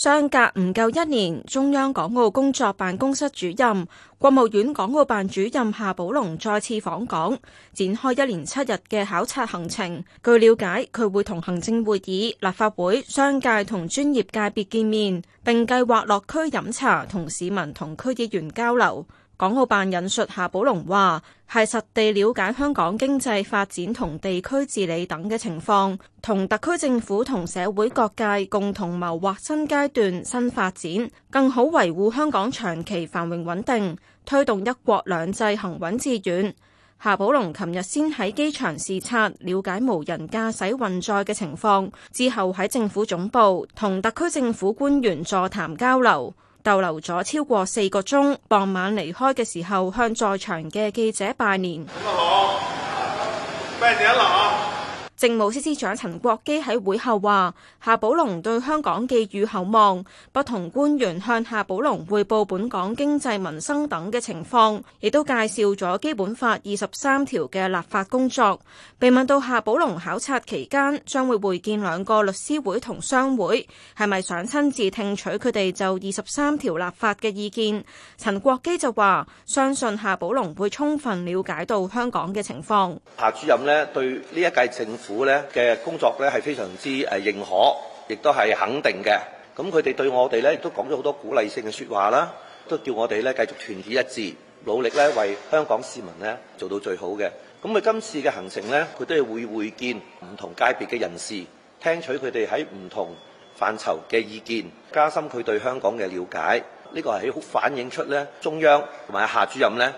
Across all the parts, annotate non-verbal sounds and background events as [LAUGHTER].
相隔唔夠一年，中央港澳工作辦公室主任、國務院港澳辦主任夏寶龍再次訪港，展開一連七日嘅考察行程。據了解，佢會同行政會議、立法會、商界同專業界別見面，並計劃落區飲茶，同市民同區議員交流。港澳辦引述夏寶龍話，係實地了解香港經濟發展同地區治理等嘅情況，同特區政府同社會各界共同謀劃新階段新發展，更好維護香港長期繁榮穩定，推動一國兩制行穩致遠。夏寶龍琴日先喺機場視察，了解無人駕駛運載嘅情況，之後喺政府總部同特區政府官員座談交流。逗留咗超過四個鐘，傍晚離開嘅時候，向在場嘅記者拜年。新年好，拜年啦！ [MUSIC] [MUSIC] 政務司司長陳國基喺會後話：夏寶龍對香港寄予厚望，不同官員向夏寶龍匯報本港經濟、民生等嘅情況，亦都介紹咗《基本法》二十三條嘅立法工作。被問到夏寶龍考察期間將會會見兩個律師會同商會，係咪想親自聽取佢哋就二十三條立法嘅意見？陳國基就話：相信夏寶龍會充分了解到香港嘅情況。夏主任呢，對呢一屆政，府咧嘅工作咧係非常之誒認可，亦都係肯定嘅。咁佢哋對我哋咧亦都講咗好多鼓勵性嘅説話啦，都叫我哋咧繼續團結一致，努力咧為香港市民咧做到最好嘅。咁佢今次嘅行程咧，佢都係會會見唔同界別嘅人士，聽取佢哋喺唔同範疇嘅意見，加深佢對香港嘅瞭解。呢個係反映出咧中央同埋夏主任咧，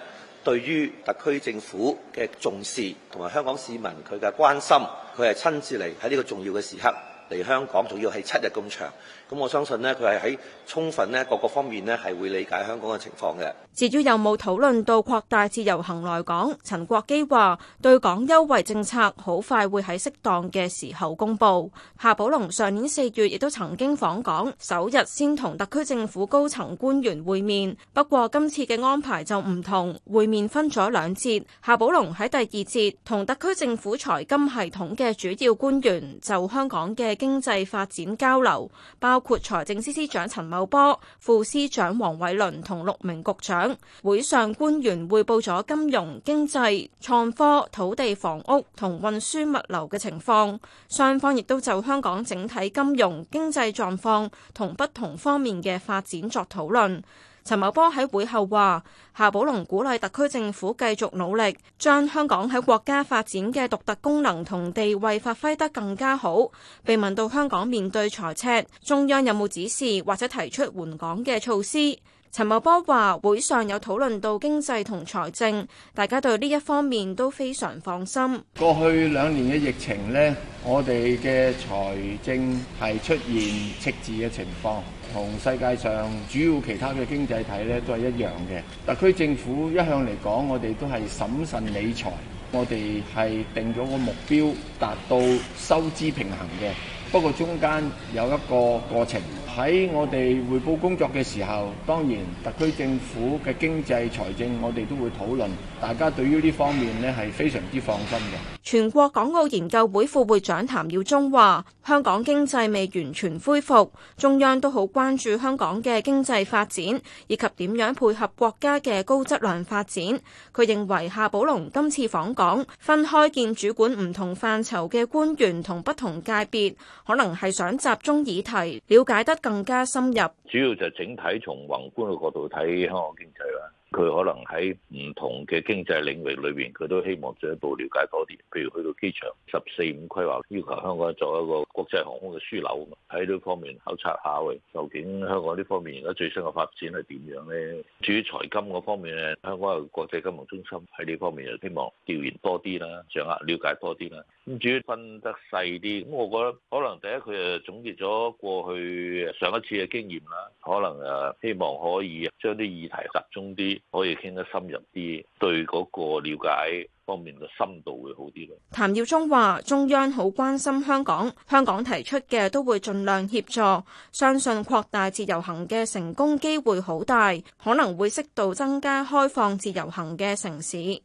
對於特區政府嘅重視，同埋香港市民佢嘅關心，佢係親自嚟喺呢個重要嘅時刻，嚟香港，仲要係七日咁長，咁我相信咧，佢係喺充分咧，各個方面咧係會理解香港嘅情況嘅。至於有冇討論到擴大自由行來港，陳國基話對港優惠政策好快會，喺適當嘅時候公布。夏寶龍上年四月亦都曾經訪港，首日先同特區政府高層官員會面，不過今次嘅安排就唔同，會面分咗兩節，夏寶龍喺第二節同特區政府財金系統嘅主要官員就香港嘅。經濟發展交流，包括財政司司長陳茂波、副司長黃偉綸同六名局長。會上官員匯報咗金融、經濟、創科、土地、房屋同運輸物流嘅情況，雙方亦都就香港整體金融經濟狀況同不同方面嘅發展作討論。陳茂波喺會後話，夏寶龍鼓勵特區政府繼續努力，將香港喺國家發展嘅獨特功能同地位發揮得更加好。被問到香港面對財赤，中央有冇指示或者提出援港嘅措施？陳茂波話：會上有討論到經濟同財政，大家對呢一方面都非常放心。過去兩年嘅疫情呢，我哋嘅財政係出現赤字嘅情況，同世界上主要其他嘅經濟體呢都係一樣嘅。特區政府一向嚟講，我哋都係審慎理財，我哋係定咗個目標達到收支平衡嘅。不過中間有一個過程。喺我哋匯報工作嘅時候，當然特區政府嘅經濟財政，我哋都會討論。大家對於呢方面呢係非常之放心嘅。全國港澳研究會副會長譚耀宗話：香港經濟未完全恢復，中央都好關注香港嘅經濟發展以及點樣配合國家嘅高質量發展。佢認為夏寶龍今次訪港，分開見主管唔同範疇嘅官員同不同界別，可能係想集中議題，了解得更加深入。主要就整體從宏觀嘅角度睇香港經濟啦。佢可能喺唔同嘅經濟領域裏邊，佢都希望進一步了解多啲。譬如去到機場，十四五規劃要求香港做一個國際航空嘅樞紐，喺呢方面考察下究竟香港呢方面而家最新嘅發展係點樣呢？至於財金嗰方面咧，香港係國際金融中心，喺呢方面就希望調研多啲啦，掌握了解多啲啦。咁至於分得細啲，咁我覺得可能第一佢就總結咗過去上一次嘅經驗啦，可能誒希望可以將啲議題集中啲。可以傾得深入啲，對嗰個瞭解方面嘅深度會好啲咯。譚耀宗話，中央好關心香港，香港提出嘅都會盡量協助，相信擴大自由行嘅成功機會好大，可能會適度增加開放自由行嘅城市。